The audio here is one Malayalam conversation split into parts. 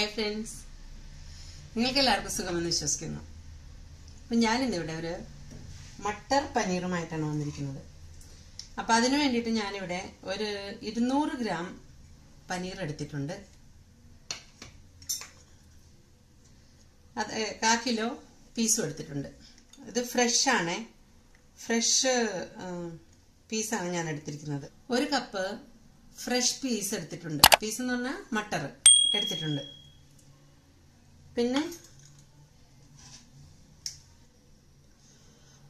ഹായ് ഫ്രണ്ട്സ് നിങ്ങൾക്ക് എല്ലാവർക്കും സുഖമെന്ന് വിശ്വസിക്കുന്നു അപ്പം ഞാനിന്നിവിടെ ഒരു മട്ടർ പനീറുമായിട്ടാണ് വന്നിരിക്കുന്നത് അപ്പോൾ അതിനു വേണ്ടിയിട്ട് ഞാനിവിടെ ഒരു ഇരുന്നൂറ് ഗ്രാം പനീർ എടുത്തിട്ടുണ്ട് അത് കാ കിലോ പീസും എടുത്തിട്ടുണ്ട് ഇത് ഫ്രഷാണ് ഫ്രഷ് പീസാണ് ഞാൻ എടുത്തിരിക്കുന്നത് ഒരു കപ്പ് ഫ്രഷ് പീസ് എടുത്തിട്ടുണ്ട് പീസ് എന്ന് പറഞ്ഞാൽ മട്ടർ എടുത്തിട്ടുണ്ട് പിന്നെ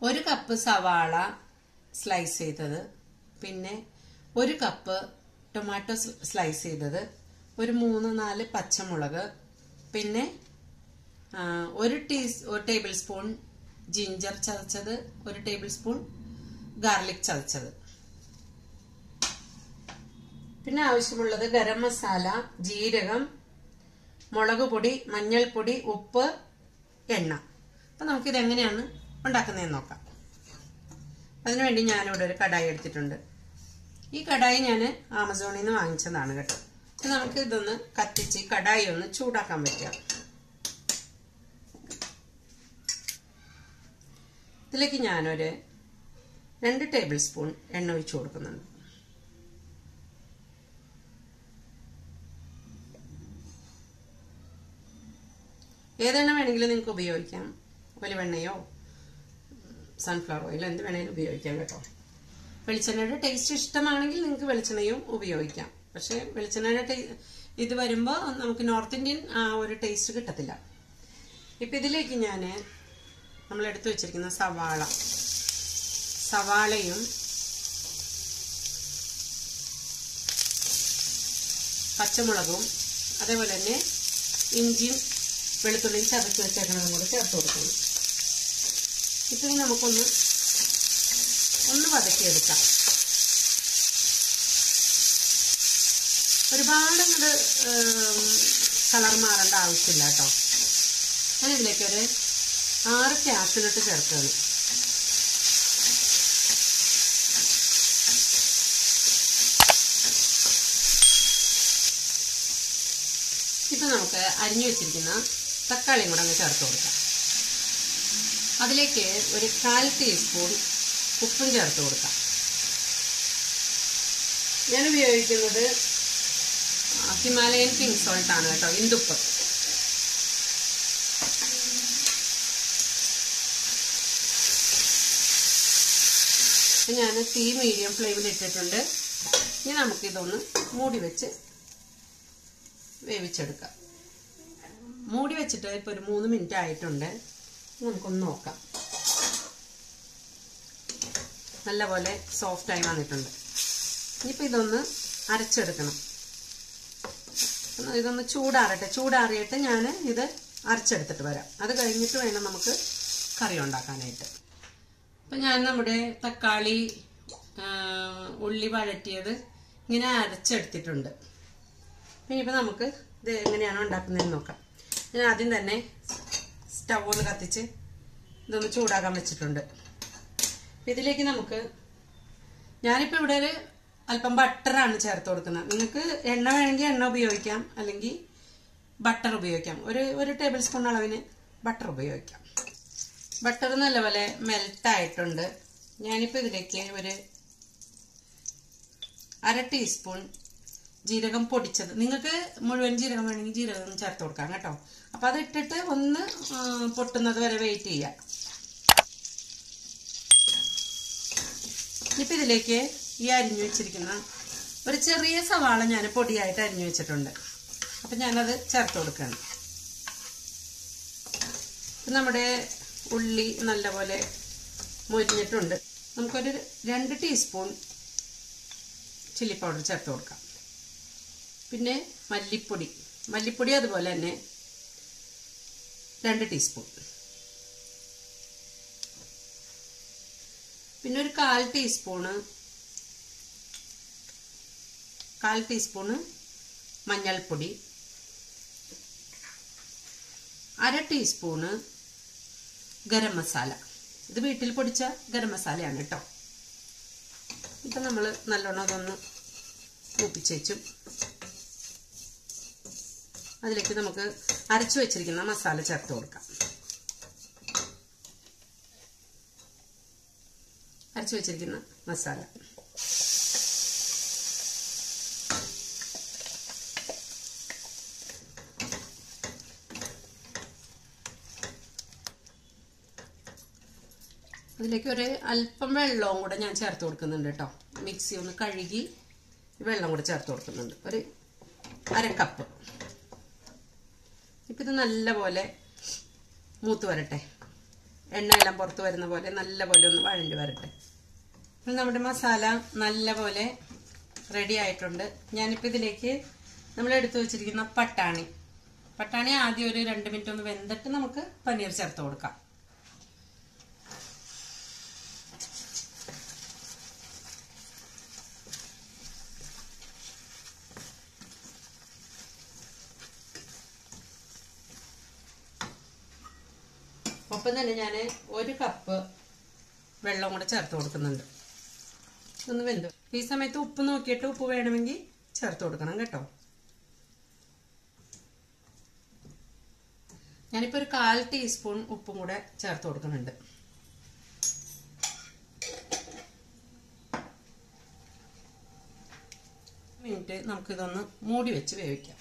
ഒരു കപ്പ് സവാള സ്ലൈസ് ചെയ്തത് പിന്നെ ഒരു കപ്പ് ടൊമാറ്റോ സ്ലൈസ് ചെയ്തത് ഒരു മൂന്ന് നാല് പച്ചമുളക് പിന്നെ ഒരു ടീ ഒരു ടേബിൾ സ്പൂൺ ജിഞ്ചർ ചതച്ചത് ഒരു ടേബിൾ സ്പൂൺ ഗാർലിക് ചതച്ചത് പിന്നെ ആവശ്യമുള്ളത് ഗരം മസാല ജീരകം മുളക് പൊടി മഞ്ഞൾപ്പൊടി ഉപ്പ് എണ്ണ അപ്പം നമുക്കിത് എങ്ങനെയാണ് ഉണ്ടാക്കുന്നതെന്ന് നോക്കാം അതിനുവേണ്ടി ഞാനിവിടെ ഒരു കടായി എടുത്തിട്ടുണ്ട് ഈ കടായി ഞാൻ ആമസോണിൽ നിന്ന് വാങ്ങിച്ചതാണ് കേട്ടോ അപ്പം നമുക്ക് ഇതൊന്ന് കത്തിച്ച് കടായി ഒന്ന് ചൂടാക്കാൻ പറ്റുക ഇതിലേക്ക് ഞാനൊരു രണ്ട് ടേബിൾ സ്പൂൺ എണ്ണ ഒഴിച്ചു കൊടുക്കുന്നുണ്ട് ഏതെണ്ണം വേണമെങ്കിലും നിങ്ങൾക്ക് ഉപയോഗിക്കാം ഒലിവെണ്ണയോ സൺഫ്ലവർ ഓയിലോ എന്ത് വേണേലും ഉപയോഗിക്കാം കേട്ടോ വെളിച്ചെണ്ണയുടെ ടേസ്റ്റ് ഇഷ്ടമാണെങ്കിൽ നിങ്ങൾക്ക് വെളിച്ചെണ്ണയും ഉപയോഗിക്കാം പക്ഷേ വെളിച്ചെണ്ണയുടെ ടേ ഇത് വരുമ്പോൾ നമുക്ക് നോർത്ത് ഇന്ത്യൻ ആ ഒരു ടേസ്റ്റ് കിട്ടത്തില്ല ഇപ്പം ഇതിലേക്ക് ഞാൻ നമ്മൾ എടുത്തു വെച്ചിരിക്കുന്ന സവാള സവാളയും പച്ചമുളകും അതേപോലെ തന്നെ ഇഞ്ചിയും വെളുത്തുള്ളിയും ചതച്ച് വെച്ചേക്കണതും കൂടെ ചേർത്ത് കൊടുക്കണം ഇപ്പം നമുക്കൊന്ന് ഒന്ന് വതക്കിയെടുക്കാം ഒരുപാട് ഇങ്ങോട്ട് കളർ മാറേണ്ട ആവശ്യമില്ല കേട്ടോ ഞാൻ ഇതിലേക്ക് ഒരു ആറ് ക്യാസിലിട്ട് ചേർക്കുകയാണ് ഇപ്പം നമുക്ക് അരിഞ്ഞു വെച്ചിരിക്കുന്ന തക്കാളിയും കൂടെ അങ്ങ് ചേർത്ത് കൊടുക്കാം അതിലേക്ക് ഒരു കാൽ ടീസ്പൂൺ ഉപ്പും ചേർത്ത് കൊടുക്കാം ഞാൻ ഉപയോഗിക്കുന്നത് ഹിമാലയൻ പിങ്ക് സോൾട്ട് ആണ് കേട്ടോ ഇന്ദുപ്പ് ഞാൻ തീ മീഡിയം ഫ്ലെയിമിൽ ഇട്ടിട്ടുണ്ട് ഇനി നമുക്കിതൊന്ന് മൂടി വെച്ച് വേവിച്ചെടുക്കാം മൂടി വെച്ചിട്ട് ഇപ്പോൾ ഒരു മൂന്ന് മിനിറ്റ് ആയിട്ടുണ്ട് നമുക്കൊന്ന് നോക്കാം നല്ലപോലെ സോഫ്റ്റായി വന്നിട്ടുണ്ട് ഇനിയിപ്പോൾ ഇതൊന്ന് അരച്ചെടുക്കണം ഇതൊന്ന് ചൂടാറട്ടെ ചൂടാറിയിട്ട് ഞാൻ ഇത് അരച്ചെടുത്തിട്ട് വരാം അത് കഴിഞ്ഞിട്ട് വേണം നമുക്ക് കറി ഉണ്ടാക്കാനായിട്ട് അപ്പം ഞാൻ നമ്മുടെ തക്കാളി ഉള്ളി വഴറ്റിയത് ഇങ്ങനെ അരച്ചെടുത്തിട്ടുണ്ട് ഇനിയിപ്പോൾ നമുക്ക് ഇത് എങ്ങനെയാണ് ഉണ്ടാക്കുന്നതെന്ന് നോക്കാം ഞാൻ ആദ്യം തന്നെ സ്റ്റൗ ഒന്ന് കത്തിച്ച് ഇതൊന്ന് ചൂടാക്കാൻ വെച്ചിട്ടുണ്ട് ഇതിലേക്ക് നമുക്ക് ഞാനിപ്പോൾ ഇവിടെ ഒരു അല്പം ബട്ടറാണ് ചേർത്ത് കൊടുക്കുന്നത് നിങ്ങൾക്ക് എണ്ണ വേണമെങ്കിൽ എണ്ണ ഉപയോഗിക്കാം അല്ലെങ്കിൽ ബട്ടർ ഉപയോഗിക്കാം ഒരു ഒരു ടേബിൾ സ്പൂൺ അളവിന് ബട്ടർ ഉപയോഗിക്കാം ബട്ടർ നല്ലപോലെ മെൽട്ടായിട്ടുണ്ട് ഞാനിപ്പോൾ ഇതിലേക്ക് ഒരു അര ടീസ്പൂൺ ജീരകം പൊടിച്ചത് നിങ്ങൾക്ക് മുഴുവൻ ജീരകം വേണമെങ്കിൽ ജീരകം ചേർത്ത് കൊടുക്കാം കേട്ടോ അപ്പം അത് ഇട്ടിട്ട് ഒന്ന് പൊട്ടുന്നത് വരെ വെയിറ്റ് ചെയ്യാം ഇപ്പം ഇതിലേക്ക് ഈ അരിഞ്ഞു വെച്ചിരിക്കുന്ന ഒരു ചെറിയ സവാള ഞാൻ പൊടിയായിട്ട് അരിഞ്ഞു വെച്ചിട്ടുണ്ട് അപ്പം ഞാനത് ചേർത്ത് കൊടുക്കുകയാണ് നമ്മുടെ ഉള്ളി നല്ലപോലെ മൊരിഞ്ഞിട്ടുണ്ട് നമുക്കൊരു രണ്ട് ടീസ്പൂൺ ചില്ലി പൗഡർ ചേർത്ത് കൊടുക്കാം പിന്നെ മല്ലിപ്പൊടി മല്ലിപ്പൊടി അതുപോലെ തന്നെ രണ്ട് ടീസ്പൂൺ പിന്നെ ഒരു കാൽ ടീസ്പൂണ് കാൽ ടീസ്പൂണ് മഞ്ഞൾപ്പൊടി അര ടീസ്പൂണ് ഗരം മസാല ഇത് വീട്ടിൽ പൊടിച്ച ഗരം മസാലയാണ് കേട്ടോ ഇപ്പം നമ്മൾ നല്ലോണം അതൊന്ന് മൂപ്പിച്ചേച്ചും അതിലേക്ക് നമുക്ക് അരച്ചു വെച്ചിരിക്കുന്ന മസാല ചേർത്ത് കൊടുക്കാം അരച്ചു വെച്ചിരിക്കുന്ന മസാല അതിലേക്ക് ഒരു അല്പം വെള്ളവും കൂടെ ഞാൻ ചേർത്ത് കൊടുക്കുന്നുണ്ട് കേട്ടോ മിക്സി ഒന്ന് കഴുകി വെള്ളം കൂടെ ചേർത്ത് കൊടുക്കുന്നുണ്ട് ഒരു അരക്കപ്പ് കപ്പ് നമുക്കിത് ഇത് നല്ലപോലെ മൂത്ത് വരട്ടെ എണ്ണയെല്ലാം പുറത്ത് വരുന്ന പോലെ നല്ലപോലെ ഒന്ന് വഴഞ്ഞു വരട്ടെ നമ്മുടെ മസാല നല്ലപോലെ റെഡി ആയിട്ടുണ്ട് ഞാനിപ്പോൾ ഇതിലേക്ക് നമ്മൾ എടുത്തു വെച്ചിരിക്കുന്ന പട്ടാണി പട്ടാണി ആദ്യം ഒരു രണ്ട് മിനിറ്റ് ഒന്ന് വെന്തിട്ട് നമുക്ക് പനീർ ചേർത്ത് കൊടുക്കാം ഒപ്പം തന്നെ ഞാൻ ഒരു കപ്പ് വെള്ളം കൂടെ ചേർത്ത് കൊടുക്കുന്നുണ്ട് ഒന്ന് വെന്തു ഈ സമയത്ത് ഉപ്പ് നോക്കിയിട്ട് ഉപ്പ് വേണമെങ്കിൽ ചേർത്ത് കൊടുക്കണം കേട്ടോ ഞാനിപ്പോൾ ഒരു കാൽ ടീസ്പൂൺ ഉപ്പും കൂടെ ചേർത്ത് കൊടുക്കുന്നുണ്ട് മിനിറ്റ് നമുക്കിതൊന്ന് മൂടി വെച്ച് വേവിക്കാം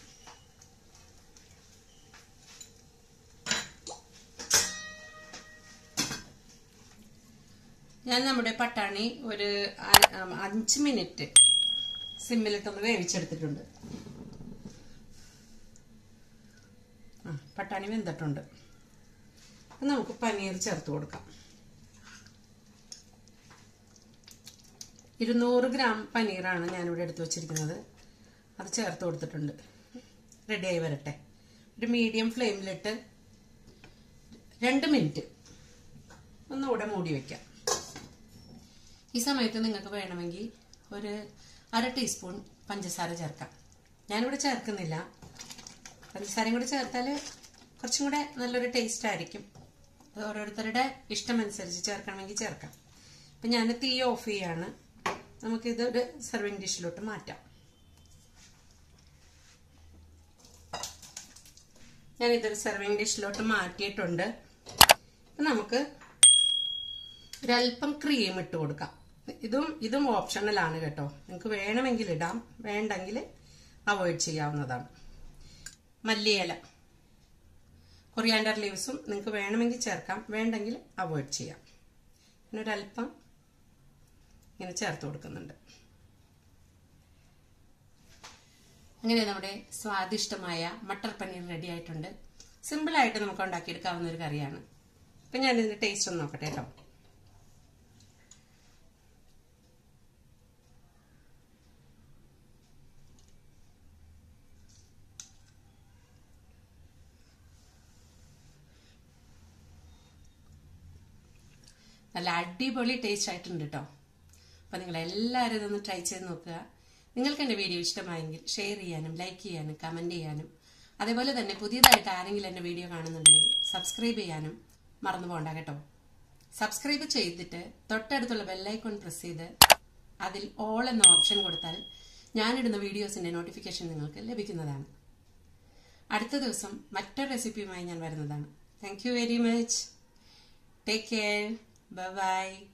ഞാൻ നമ്മുടെ പട്ടാണി ഒരു അഞ്ച് മിനിറ്റ് സിമ്മിലിട്ടൊന്ന് വേവിച്ചെടുത്തിട്ടുണ്ട് ആ പട്ടാണി വെന്തിട്ടുണ്ട് നമുക്ക് പനീർ ചേർത്ത് കൊടുക്കാം ഇരുന്നൂറ് ഗ്രാം പനീറാണ് ഞാനിവിടെ എടുത്തു വച്ചിരിക്കുന്നത് അത് ചേർത്ത് കൊടുത്തിട്ടുണ്ട് റെഡിയായി വരട്ടെ ഒരു മീഡിയം ഫ്ലെയിമിലിട്ട് രണ്ട് മിനിറ്റ് ഒന്നുകൂടെ മൂടി വയ്ക്കാം ഈ സമയത്ത് നിങ്ങൾക്ക് വേണമെങ്കിൽ ഒരു അര ടീസ്പൂൺ പഞ്ചസാര ചേർക്കാം ഞാനിവിടെ ചേർക്കുന്നില്ല പഞ്ചസാരയും കൂടി ചേർത്താൽ കുറച്ചും കൂടെ നല്ലൊരു ടേസ്റ്റ് ആയിരിക്കും അത് ഓരോരുത്തരുടെ ഇഷ്ടമനുസരിച്ച് ചേർക്കണമെങ്കിൽ ചേർക്കാം അപ്പം ഞാൻ തീ ഓഫ് ചെയ്യാണ് നമുക്കിത് ഒരു സെർവിങ് ഡിഷിലോട്ട് മാറ്റാം ഞാനിതൊരു സെർവിങ് ഡിഷിലോട്ട് മാറ്റിയിട്ടുണ്ട് നമുക്ക് ഒരല്പം ക്രീം ഇട്ട് കൊടുക്കാം ഇതും ഇതും ഓപ്ഷണലാണ് കേട്ടോ നിങ്ങൾക്ക് വേണമെങ്കിൽ ഇടാം വേണ്ടെങ്കിൽ അവോയ്ഡ് ചെയ്യാവുന്നതാണ് മല്ലിയില കൊറിയാൻഡർ ലീവ്സും നിങ്ങൾക്ക് വേണമെങ്കിൽ ചേർക്കാം വേണ്ടെങ്കിൽ അവോയ്ഡ് ചെയ്യാം പിന്നെ ഒരല്പം ഇങ്ങനെ ചേർത്ത് കൊടുക്കുന്നുണ്ട് അങ്ങനെ നമ്മുടെ സ്വാദിഷ്ടമായ മട്ടർ പനീർ റെഡി ആയിട്ടുണ്ട് സിമ്പിളായിട്ട് നമുക്ക് ഉണ്ടാക്കിയെടുക്കാവുന്ന ഒരു കറിയാണ് അപ്പം ഞാനിതിൻ്റെ ടേസ്റ്റ് ഒന്ന് നോക്കട്ടെ കേട്ടോ നല്ല അടിപൊളി ടേസ്റ്റ് ആയിട്ടുണ്ട് കേട്ടോ അപ്പം നിങ്ങൾ എല്ലാവരും ഇതൊന്ന് ട്രൈ ചെയ്ത് നോക്കുക നിങ്ങൾക്ക് എൻ്റെ വീഡിയോ ഇഷ്ടമായെങ്കിൽ ഷെയർ ചെയ്യാനും ലൈക്ക് ചെയ്യാനും കമൻറ്റ് ചെയ്യാനും അതേപോലെ തന്നെ പുതിയതായിട്ട് ആരെങ്കിലും എൻ്റെ വീഡിയോ കാണുന്നുണ്ടെങ്കിൽ സബ്സ്ക്രൈബ് ചെയ്യാനും മറന്നു പോകണ്ട കേട്ടോ സബ്സ്ക്രൈബ് ചെയ്തിട്ട് തൊട്ടടുത്തുള്ള ബെല്ലൈക്കൺ പ്രസ് ചെയ്ത് അതിൽ ഓൾ എന്ന ഓപ്ഷൻ കൊടുത്താൽ ഞാനിടുന്ന വീഡിയോസിൻ്റെ നോട്ടിഫിക്കേഷൻ നിങ്ങൾക്ക് ലഭിക്കുന്നതാണ് അടുത്ത ദിവസം മറ്റൊരു റെസിപ്പിയുമായി ഞാൻ വരുന്നതാണ് thank very much take care Bye bye.